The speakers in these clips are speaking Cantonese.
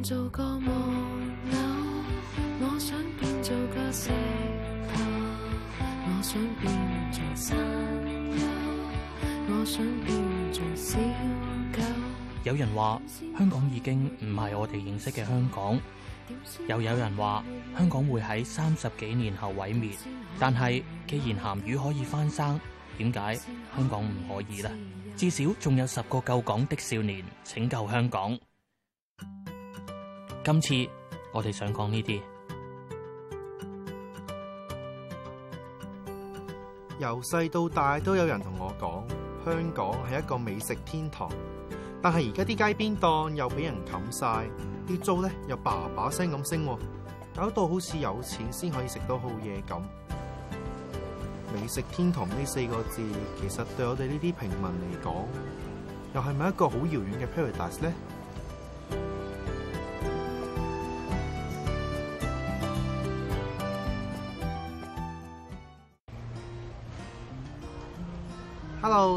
我想變做個木偶，我想變做個石頭，我想變做山丘，我想變做小狗。有人話香港已經唔係我哋認識嘅香港，又有人話香港會喺三十幾年後毀滅。但係既然鹹魚可以翻生，點解香港唔可以呢？至少仲有十個救港的少年拯救香港。今次我哋想講呢啲，由細到大都有人同我講，香港係一個美食天堂。但係而家啲街邊檔又俾人冚晒，啲租咧又爸爸聲咁升，啊，搞到好似有錢先可以食到好嘢咁。美食天堂呢四個字，其實對我哋呢啲平民嚟講，又係咪一個好遙遠嘅 paradise 咧？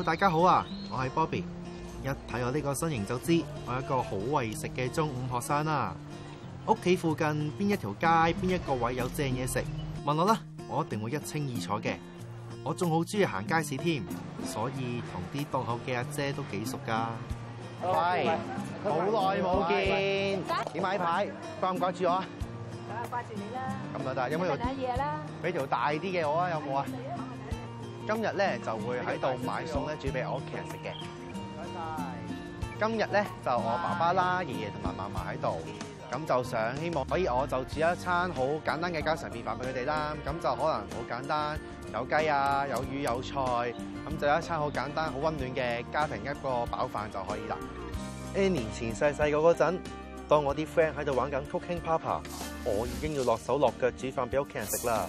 大家好啊！我係 Bobby，一睇我呢個身形就知我係一個好為食嘅中五學生啦。屋企附近邊一條街邊一個位有正嘢食，問我啦，我一定會一清二楚嘅。我仲好中意行街市添，所以同啲檔口嘅阿姐都幾熟噶。喂，好耐冇見，點解呢排掛唔掛住我啊？啊，掛住你啦。咁啊大，有冇有？條大嘢啦？俾條大啲嘅我啊，有冇啊？今日咧就會喺度買餸咧煮俾我屋企人食嘅。今日咧就我爸爸啦、爺爺同埋嫲嫲喺度，咁就想希望可以我就煮一餐好簡單嘅家常便飯俾佢哋啦。咁就可能好簡單，有雞啊、有魚、有菜，咁就有一餐好簡單、好溫暖嘅家庭一個飽飯就可以啦。N 年前細細個嗰陣，當我啲 friend 喺度玩緊 Cooking Papa，我已經要落手落腳煮飯俾屋企人食啦。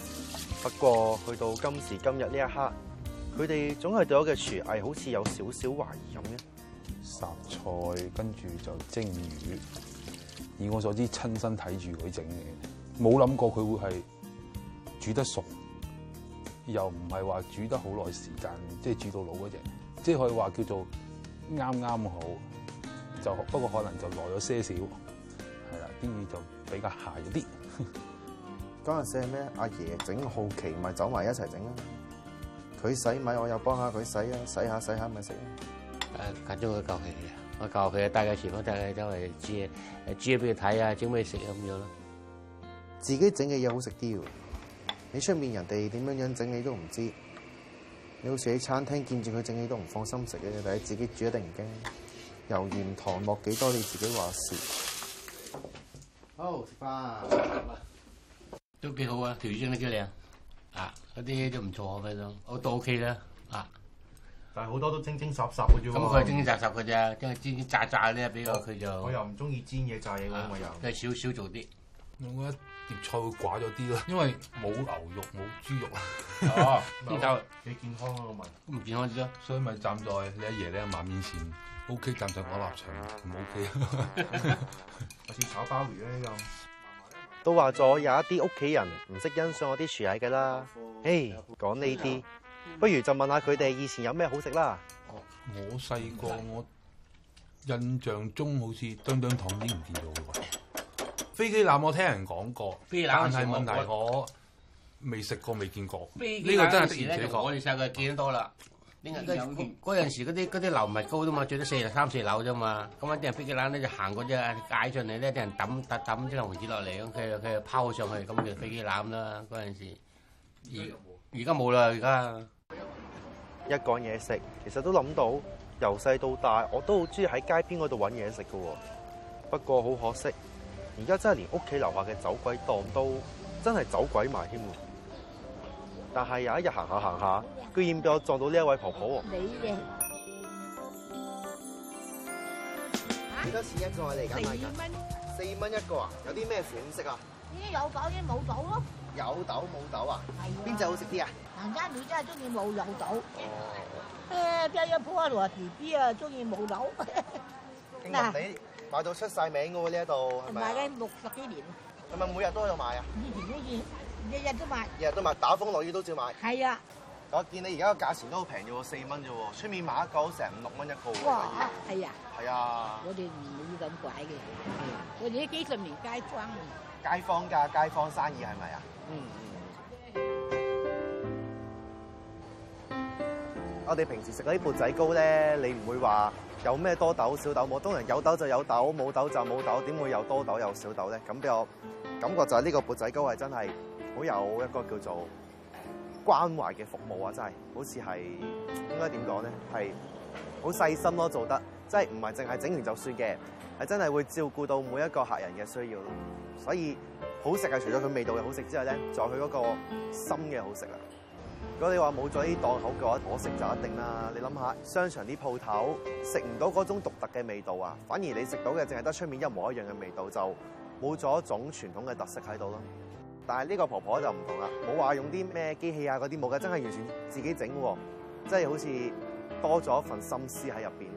不過去到今時今日呢一刻，佢哋總係對我嘅廚藝好似有少少懷疑咁嘅。殺菜，跟住就蒸魚，以我所知親身睇住佢整嘅，冇諗過佢會係煮得熟，又唔係話煮得好耐時間，即係煮到老嗰隻，即係可以話叫做啱啱好。就不過可能就耐咗些少，係啦，啲魚就比較鹹啲。呵呵嗰陣時係咩？阿爺整好奇，咪走埋一齊整啊！佢洗米，我又幫下佢洗啊！洗下洗下咪食啊！誒，繼續我教佢嘅，我教佢啊，帶佢廚房帶佢周圍煮，煮俾佢睇啊，整咩食咁樣咯。自己整嘅嘢好食啲喎！你出面人哋點樣樣整你都唔知，你好似喺餐廳見住佢整你都唔放心食嘅，但係自己煮一定唔驚。油鹽糖落幾多你自己話事。好，食飯。都幾好啊，條魚蒸得幾靚，啊嗰啲都唔錯嘅都，我都 OK 啦，啊，但係好多都精精雜雜嘅啫。咁佢係精精雜雜啫，跟住、啊、煎煎炸炸啲比較佢就。我又唔中意煎嘢炸嘢喎、啊，我又。即係少少做啲。我覺得碟菜會寡咗啲咯，因為冇牛肉冇豬肉，啊，幾、 啊、健康啊個問，都 唔健康啫。 所以咪站在你阿爺你晚面前，OK 站在我立場唔 OK，好似炒鮑魚咧咁。啊都話咗有一啲屋企人唔識欣賞我啲薯仔嘅啦。誒，講呢啲，不如就問下佢哋以前有咩好食啦。我細個我印象中好似啄啄糖已經唔見到啦。飛機欖我聽人講過，但係問題我未食過未見過。呢個真係以前我哋細個見得多啦。嗰陣時嗰啲啲樓唔係高啫嘛，最多四十三四樓啫嘛。咁啊啲人飛機欖咧就行過隻街上嚟咧，啲人抌抌抌啲紅紙落嚟，咁佢佢就拋上去，咁就飛機欖啦。嗰陣時，而家冇啦，而家一講嘢食，其實都諗到，由細到大我都好中意喺街邊嗰度揾嘢食噶喎。不過好可惜，而家的酒鬼真係連屋企樓下嘅走鬼檔都真係走鬼埋添喎。但係有一日行下行下，居然俾我撞到呢一位婆婆喎。你、啊、嘅？幾多錢一個嚟㗎？四蚊。四蚊一個啊？有啲咩款式啊？有豆啲冇豆咯。有豆冇豆啊？係。邊隻好食啲啊？行街女真係中意冇有豆。哦。誒、嗯，邊啊，中意冇豆。 你賣到出晒名㗎呢一度，係咪？賣緊六十幾年。係咪每日都喺度賣啊？嗯嗯嗯嗯日日都買，日日都買，打風落雨都照買。係啊！我見你而家個價錢都好平要喎，四蚊啫喎，出面買一個成五六蚊一個喎。係啊！係啊，啊！我哋唔會咁怪嘅，我哋啲幾十年街坊。街坊㗎街坊生意係咪啊？嗯嗯。我哋平時食嗰啲缽仔糕咧，你唔會話有咩多豆少豆冇？當然有豆就有豆，冇豆就冇豆，點會有多豆有少豆咧？咁俾我感覺就係呢個缽仔糕係真係。好有一個叫做關懷嘅服務啊，真係好似係應該點講咧，係好細心咯，啊，做得真係唔係淨係整完就算嘅，係真係會照顧到每一個客人嘅需要咯。所以好食係除咗佢味道嘅好食之外咧，在佢嗰個心嘅好食啦。如果你話冇咗呢檔口嘅話，我食就一定啦。你諗下，商場啲鋪頭食唔到嗰種獨特嘅味道啊，反而你食到嘅淨係得出面一模一樣嘅味道，就冇咗一種傳統嘅特色喺度咯。但係呢個婆婆就唔同啦，冇話用啲咩機器啊嗰啲冇噶，真係完全自己整，即係好似多咗一份心思喺入邊。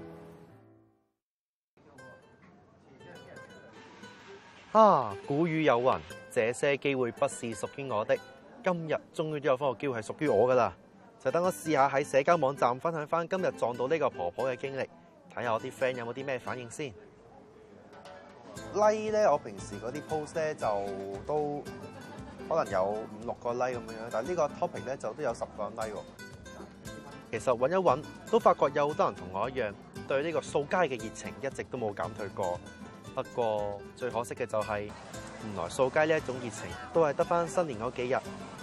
啊，古語有云，這些機會不是屬於我的，今日終於都有翻個機會係屬於我噶啦，就等我試下喺社交網站分享翻今日撞到呢個婆婆嘅經歷，睇下我啲 friend 有冇啲咩反應先。like 咧，我平時嗰啲 post 咧就都。可能有五六個 like 咁樣，但係呢個 t o p i c g 咧就都有十個 like。其實搵一搵都發覺有好多人同我一樣對呢個掃街嘅熱情一直都冇減退過。不過最可惜嘅就係、是，原來掃街呢一種熱情都係得翻新年嗰幾日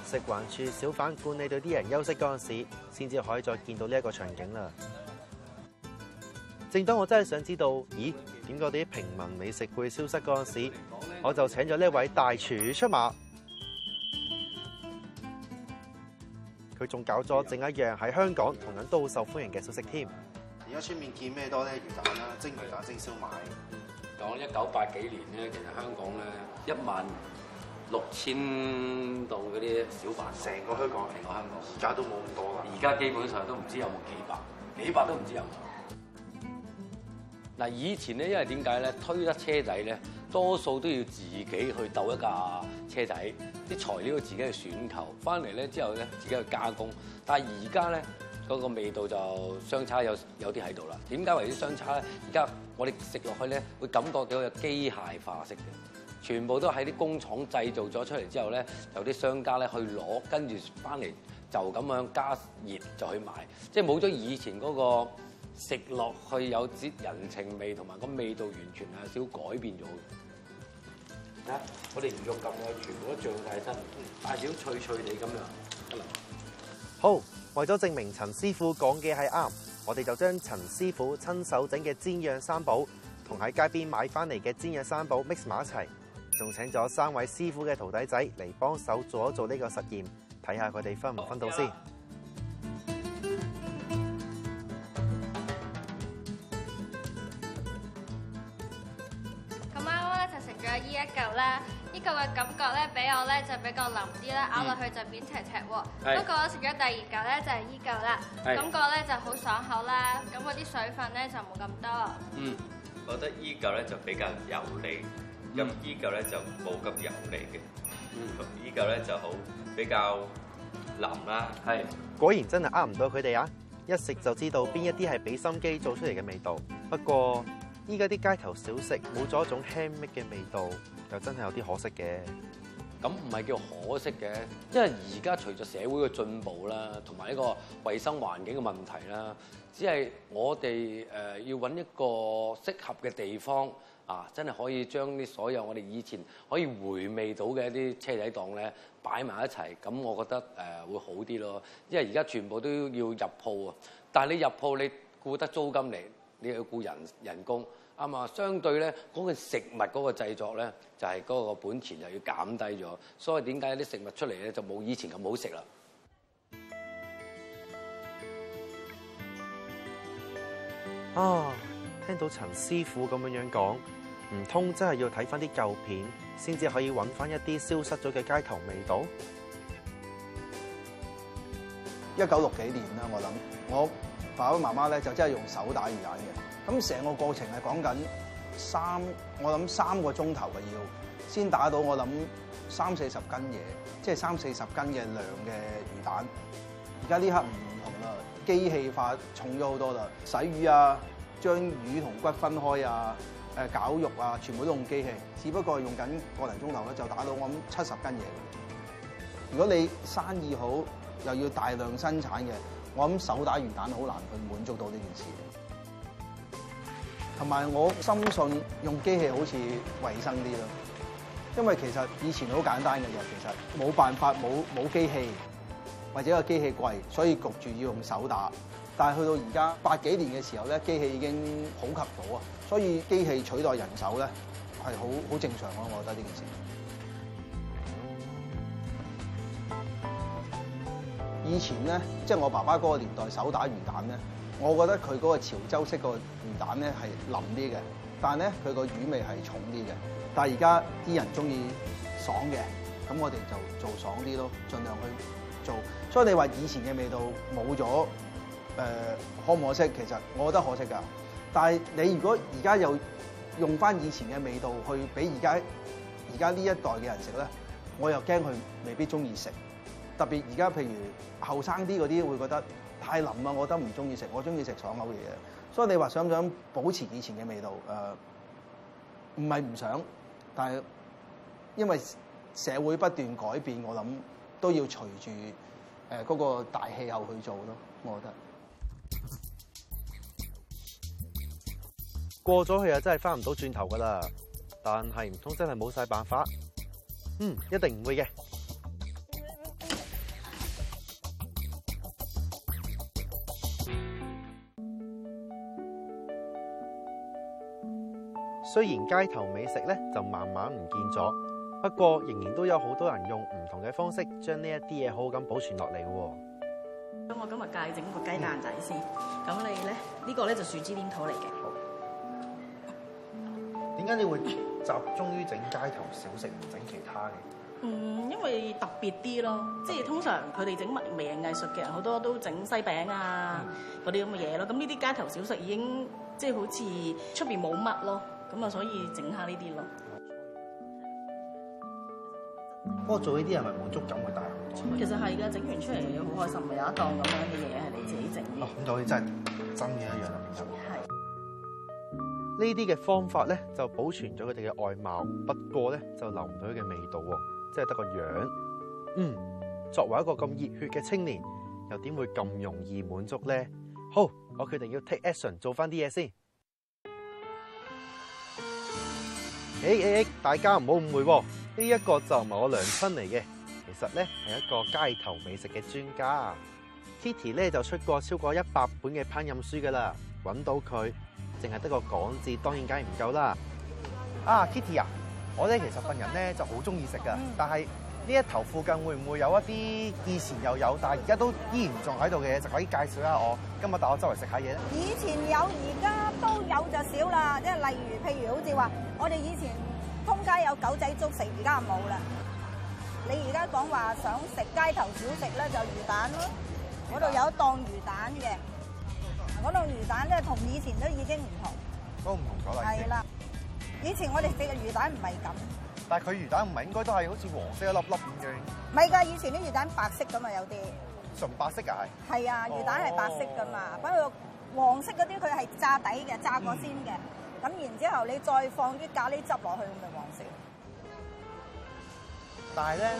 食環處小販管理隊啲人休息嗰陣時候，先至可以再見到呢一個場景啦。正當我真係想知道，咦點解啲平民美食會消失嗰陣時候，我就請咗呢位大廚出馬。佢仲搞咗淨一樣喺香港同樣都好受歡迎嘅小食添。而家出面見咩多咧？魚蛋啦，蒸魚蛋、蒸燒賣。講一九八幾年咧，其實香港咧一萬六千度嗰啲小販，成個香港成個香港，而家都冇咁多啦。而家基本上都唔知有冇幾百，幾百都唔知有。嗱，以前咧，因為點解咧，推得車底咧？多數都要自己去鬥一架車仔，啲材料自己去選購，翻嚟咧之後咧自己去加工。但係而家咧嗰個味道就相差有有啲喺度啦。點解為啲相差咧？而家我哋食落去咧會感覺到有機械化式嘅，全部都喺啲工廠製造咗出嚟之後咧，由啲商家咧去攞跟住翻嚟就咁樣加熱就去賣。即係冇咗以前嗰個食落去有啲人情味同埋個味道完全係少改變咗。睇下，我哋唔用咁耐，全部都漲大身，大小脆脆地咁樣。好，為咗證明陳師傅講嘅係啱，我哋就將陳師傅親手整嘅煎釀三寶同喺街邊買翻嚟嘅煎釀三寶 mix 埋一齊，仲請咗三位師傅嘅徒弟仔嚟幫手做一做呢個實驗，睇下佢哋分唔分到先。Oh yeah. 一嚿啦，依嚿嘅感覺咧，俾我咧就比較腍啲啦，咬落去就扁斜斜喎。不過我食咗第二嚿咧就係依嚿啦，感覺咧就好爽口啦，咁嗰啲水分咧就冇咁多。嗯，我覺得依嚿咧就比較油膩，咁依嚿咧就冇咁油膩嘅，依嚿咧就好比較腍啦。係，果然真係呃唔到佢哋啊！一食就知道邊一啲係俾心機做出嚟嘅味道。不過。依家啲街頭小食冇咗一種 handmade 嘅味道，又真係有啲可惜嘅。咁唔係叫可惜嘅，因為而家隨着社會嘅進步啦，同埋一個衞生環境嘅問題啦，只係我哋誒要揾一個適合嘅地方啊，真係可以將啲所有我哋以前可以回味到嘅一啲車仔檔咧擺埋一齊，咁我覺得誒會好啲咯。因為而家全部都要入鋪啊，但係你入鋪你顧得租金嚟。你要僱人人工，啊嘛，相對咧嗰個食物嗰個製作咧，就係嗰個本錢又要減低咗，所以點解啲食物出嚟咧就冇以前咁好食啦。啊，聽到陳師傅咁樣樣講，唔通真係要睇翻啲舊片，先至可以揾翻一啲消失咗嘅街頭味道。一九六幾年啦，我諗我。爸爸媽媽咧就真係用手打魚蛋嘅，咁成個過程係講緊三，我諗三個鐘頭嘅要先打到我諗三四十斤嘢，即係三四十斤嘅量嘅魚蛋。而家呢刻唔同啦，機器化重咗好多啦，洗魚啊，將魚同骨分開啊，誒攪肉啊，全部都用機器。只不過用緊個零鐘頭咧就打到我諗七十斤嘢。如果你生意好，又要大量生產嘅。我諗手打魚蛋好難去滿足到呢件事，同埋我深信用機器好似衛生啲咯。因為其實以前好簡單嘅嘢，其實冇辦法冇冇機器，或者個機器貴，所以焗住要用手打但。但係去到而家八幾年嘅時候咧，機器已經普及到啊，所以機器取代人手咧係好好正常咯。我覺得呢件事。以前咧，即係我爸爸嗰個年代手打魚蛋咧，我覺得佢嗰個潮州式個魚蛋咧係腍啲嘅，但係咧佢個魚味係重啲嘅。但係而家啲人中意爽嘅，咁我哋就做爽啲咯，盡量去做。所以你話以前嘅味道冇咗，誒，可唔可惜？其實我覺得可惜㗎。但係你如果而家又用翻以前嘅味道去俾而家而家呢一代嘅人食咧，我又驚佢未必中意食。特別而家譬如後生啲嗰啲會覺得太腍啊，我都唔中意食，我中意食爽口嘅嘢。所以你話想唔想保持以前嘅味道？唔係唔想，但係因為社會不斷改變，我諗都要隨住嗰個大氣候去做咯。我覺得過咗去呀真係翻唔到轉頭㗎啦。但係唔通真係冇晒辦法？嗯，一定唔會嘅。雖然街頭美食咧就慢慢唔見咗，不過仍然都有好多人用唔同嘅方式將呢一啲嘢，好好咁保存落嚟嘅。咁我今日介整個雞蛋仔先，咁、嗯、你咧呢、這個咧就樹脂黏土嚟嘅。點解、嗯、你會集中於整街頭小食，唔整其他嘅？嗯，因為特別啲咯，即係、就是、通常佢哋整微型藝術嘅人好多都整西餅啊嗰啲咁嘅嘢咯，咁呢啲街頭小食已經即係、就是、好似出邊冇乜咯。咁啊，所以整下呢啲咯。些是不過做呢啲係咪滿足感會大好多？其實係噶，整完出嚟又好開心，咪有一檔咁樣嘅嘢係你自己整嘅。咁所以真真嘅一樣啦。係。呢啲嘅方法咧，就保存咗佢哋嘅外貌，不過咧就留唔到佢嘅味道喎，即係得個樣。嗯，作為一個咁熱血嘅青年，又點會咁容易滿足咧？好，我決定要 take action 做翻啲嘢先。誒誒誒，大家唔好誤會喎，呢一個就唔係我娘親嚟嘅，其實咧係一個街頭美食嘅專家。Kitty 咧就出過超過一百本嘅烹飪書噶啦，揾到佢，淨係得個講字，當然梗係唔夠啦。啊，Kitty 啊，我咧其實份人咧就好中意食噶，但係。呢一頭附近會唔會有一啲以前又有，但係而家都依然仲喺度嘅嘢，就可以介紹下我今日帶我周圍食下嘢。以前有，而家都有就少啦。即係例如，譬如好似話，我哋以前通街有狗仔粥食，而家冇啦。你而家講話想食街頭小食咧，就魚蛋咯。嗰度有一檔魚蛋嘅，嗰度魚蛋咧同以前都已經唔同。都唔同咗啦。係啦，以前我哋食嘅魚蛋唔係咁。但係佢魚蛋唔係應該都係好似黃色一粒粒咁嘅？唔係㗎，以前啲魚蛋白色㗎嘛，有啲純白色啊係。係啊，魚蛋係白色㗎嘛，不過，哦，黃色嗰啲佢係炸底嘅，炸過先嘅。咁，嗯，然之後你再放啲咖喱汁落去，咁咪黃色。但係咧，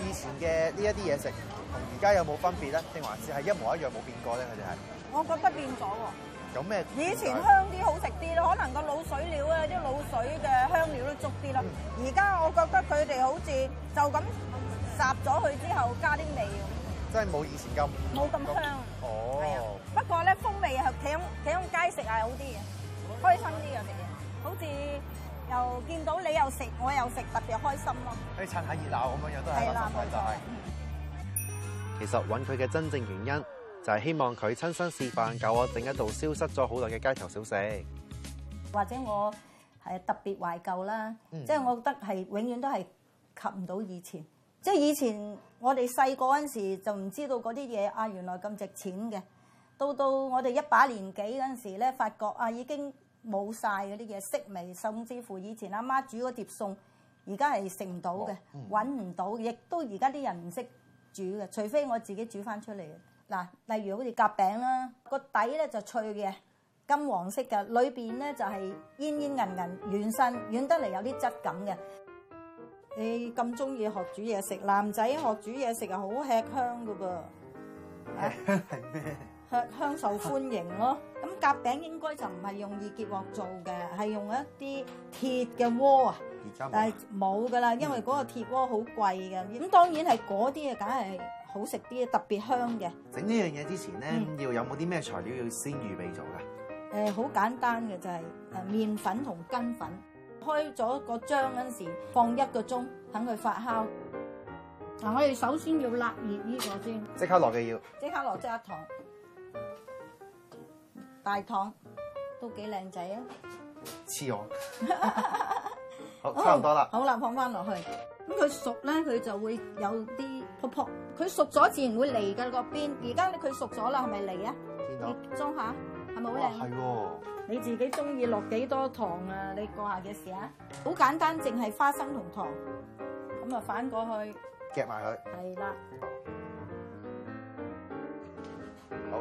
以前嘅呢一啲嘢食同而家有冇分別咧？定還是係一模一樣冇變過咧？佢哋係？我覺得變咗喎。以前香啲，好食啲咯，可能個鹵水料啊，啲鹵水嘅香料都足啲咯。而家我覺得佢哋好似就咁雜咗佢之後加啲味咁，真係冇以前咁冇咁香。哦，不過咧風味係企喺企喺街食係好啲嘅，開心啲我哋，好似又見到你又食，我又食，特別開心咯。去趁下熱鬧咁樣都係樂觀嘅。其實揾佢嘅真正原因，就係希望佢親身示範，教我整一道消失咗好耐嘅街頭小食，或者我係特別懷舊啦，即、嗯、係、就是、我覺得係永遠都係及唔到以前。即、就、係、是、以前我哋細個嗰陣時就唔知道嗰啲嘢啊，原來咁值錢嘅。到到我哋一把年紀嗰陣時咧，發覺啊已經冇晒嗰啲嘢，色味，甚至乎以前阿媽，媽煮嗰碟餸，而家係食唔到嘅，揾、哦、唔、嗯、到，亦都而家啲人唔識煮嘅，除非我自己煮翻出嚟。嗱，例如好似夾餅啦，個底咧就脆嘅，金黃色嘅，裏邊咧就係煙煙韌韌軟身，軟得嚟有啲質感嘅。你咁中意學煮嘢食，男仔學煮嘢食啊，好吃香噶噃。吃香係咩？吃香受歡迎咯。咁 夾餅應該就唔係用易結鑊做嘅，係用一啲鐵嘅鍋啊，但係冇噶啦，因為嗰個鐵鍋好貴嘅。咁當然係嗰啲啊，梗係。好食啲啊，特別香嘅。整呢樣嘢之前咧、嗯，要有冇啲咩材料要先預備咗噶？誒、呃，好簡單嘅就係、是、誒，麵、嗯、粉同筋粉。開咗個漿嗰陣時，放一個鐘等佢發酵。嗱、嗯啊，我哋首先要辣熱呢個先。即刻落嘅要。即刻落即刻糖、嗯，大糖都幾靚仔啊！黐我。 好，差唔多啦、哦。好啦，放翻落去。咁佢熟咧，佢就會有啲。婆婆佢熟咗自然會嚟噶，個邊。而家佢熟咗啦，係咪嚟啊？見到裝吓，係咪好靚？係喎、哦。你自己中意落幾多糖啊？你過下嘅事啊，好簡單，淨係花生同糖。咁啊，反過去夾埋佢。係啦。好。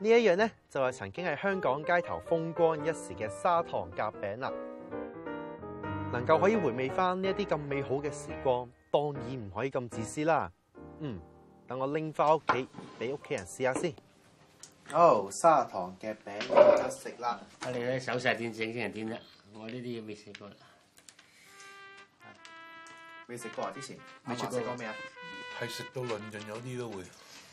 呢一樣咧，就係曾經喺香港街頭風光一時嘅砂糖夾餅啦。能夠可以回味翻呢一啲咁美好嘅時光。當然唔可以咁自私啦。嗯，等我拎翻屋企俾屋企人試下先。哦、oh，砂糖夾餅嚟得食啦。睇你睇手勢點整先，係點啫？我、啊、呢啲嘢未食過啦，未、啊、食過、啊、之前。未食過咩？係食到論盡有啲都會。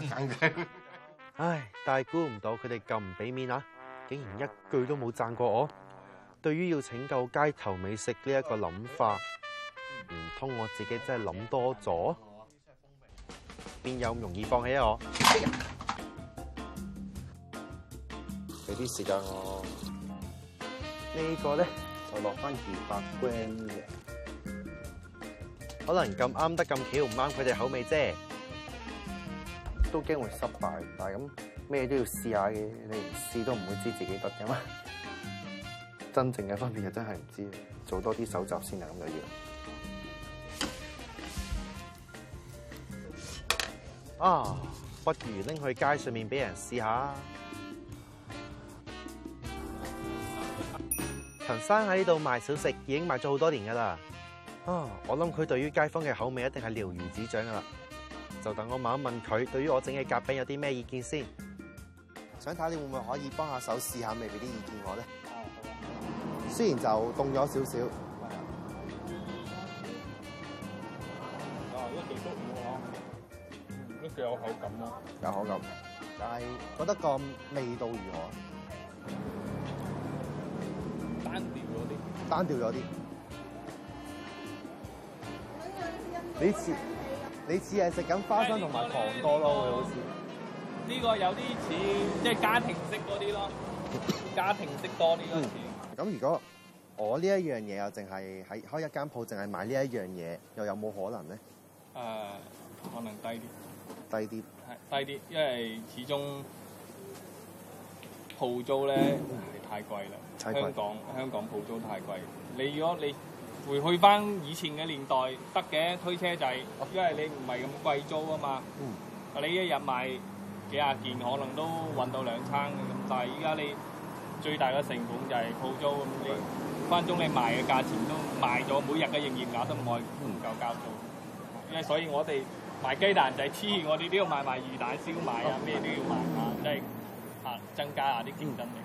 唉，但係估唔到佢哋咁唔俾面啊！竟然一句都冇讚過我。對於要拯救街頭美食呢一個諗法通我自己真係諗多咗，邊有咁容易放棄我？俾啲時間我、啊。呢個咧就落翻二百 gram 嘅，可能咁啱得咁巧，唔啱佢哋口味啫。都驚會失敗，但係咁咩都要試下嘅，你試都唔會知自己得嘅嘛。真正嘅分別，就真係唔知，做多啲搜集先啊，咁就要。啊，不如拎去街上面俾人試下啊！陳生喺呢度賣小食已經賣咗好多年噶啦，啊，我諗佢對於街坊嘅口味一定係了如指掌噶啦，就等我問一問佢，對於我整嘅夾餅有啲咩意見先。想睇你會唔會可以幫下手試下味，俾啲意見我咧。雖然就凍咗少少。有口感咯，啊，有口感，但係覺得個味道如何啊？單調咗啲，單調咗啲，嗯嗯嗯嗯嗯。你似，嗯嗯，你似係食緊花生同，嗯，埋糖、這個這個，多咯，會好似呢、這個有啲似即係家庭式嗰啲咯，家庭式多啲咯似。咁，這個嗯，如果我呢一樣嘢又淨係喺開一間鋪，淨係買呢一樣嘢，又有冇可能咧？呃可能低啲，低啲，低啲，因為始終鋪租咧係、嗯、太貴啦。香港香港鋪租太貴。你如果你回去翻以前嘅年代得嘅推車就係、是，因為你唔係咁貴租啊嘛、嗯。你一日賣幾廿件，可能都揾到兩餐嘅。咁但係依家你最大嘅成本就係鋪租。咁你分分鐘你賣嘅價錢都賣咗，每日嘅營業額都唔係唔夠交租、嗯。因為所以我哋。買雞就是、買買賣雞蛋仔黐，我哋都要賣埋魚蛋燒賣啊，咩都要賣下，即係吓增加下啲競爭力。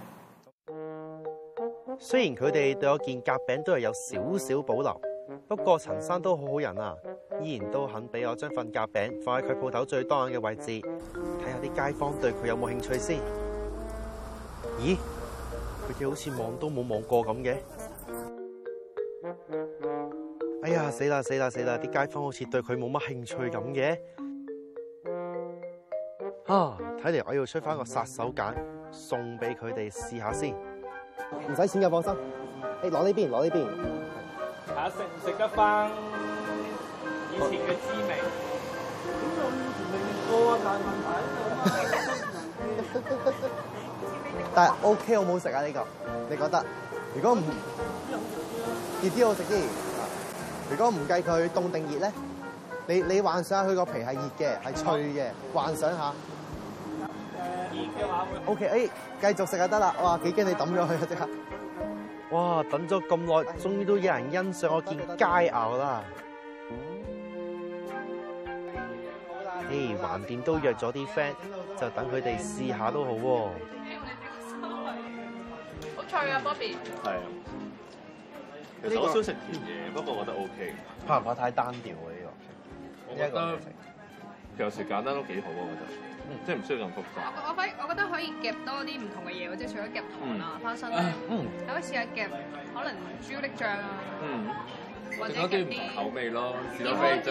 雖然佢哋對我件夾餅都係有少少保留，不過陳生都好好人啊，依然都肯俾我將份夾餅放喺佢鋪頭最當眼嘅位置，睇下啲街坊對佢有冇興趣先。咦，佢哋好似望都冇望過咁嘅。哎呀死啦死啦死啦！啲街坊好似對佢冇乜興趣咁嘅、啊。吓、啊，睇嚟我要出翻個殺手鐧，送俾佢哋試一下先。唔使錢嘅，放心。你攞呢邊，攞呢邊。睇下食唔食得翻以前嘅滋味。我沒、啊慢慢啊、 但係 OK 好唔好食啊？呢、這個你覺得？如果唔，熱啲、啊、好食啲？如果唔計佢凍定熱咧，你你幻想下佢個皮係熱嘅，係脆嘅、嗯，幻想下。嗯、熱嘅話會 OK，誒、哎、繼續食就得啦。哇，幾驚你抌咗佢啊！即刻。哇，等咗咁耐，終、哎、於都有人欣賞我件佳餚啦。誒，橫掂、嗯哎、都約咗啲 friend，就等佢哋試下都好喎。好、哎、脆啊，Bobby！係。其實、這個、我想食甜嘢，嗯、不過我覺得 O、OK、K。怕唔怕太單調啊？呢、這個我覺得，又多食，有時簡單都幾好啊！我覺得，嗯、即係唔需要咁複雜。我我可我覺得可以夾多啲唔同嘅嘢，或者除咗夾糖啊、花生啊，嗯，可以試下夾可能朱古力醬啊，嗯，或者啲唔同口味咯。健康啲就，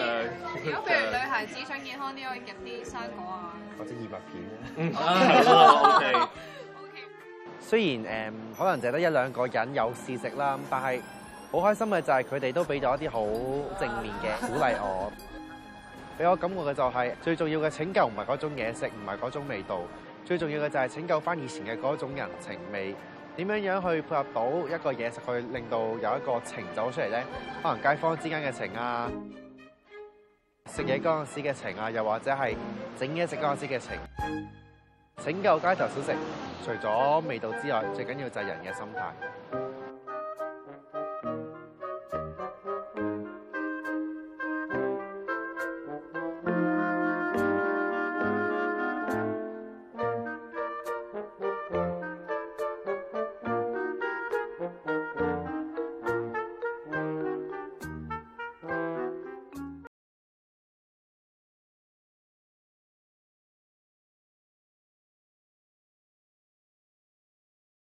如果譬如女孩子想健康啲，可以夾啲生果啊，或者燕麥片啊。O、嗯、K、啊。 嗯、o、okay okay. okay. 雖然誒、嗯、可能就得一兩個人有試食啦，但係。好開心嘅就係佢哋都俾咗一啲好正面嘅鼓勵我，俾我感覺嘅就係最重要嘅拯救唔係嗰種嘢食，唔係嗰種味道，最重要嘅就係拯救翻以前嘅嗰種人情味。點樣樣去配合到一個嘢食去令到有一個情走出嚟咧？可能街坊之間嘅情啊，食嘢嗰陣時嘅情啊，又或者係整嘢食嗰陣時嘅情。拯救街頭小食，除咗味道之外，最緊要就係人嘅心態。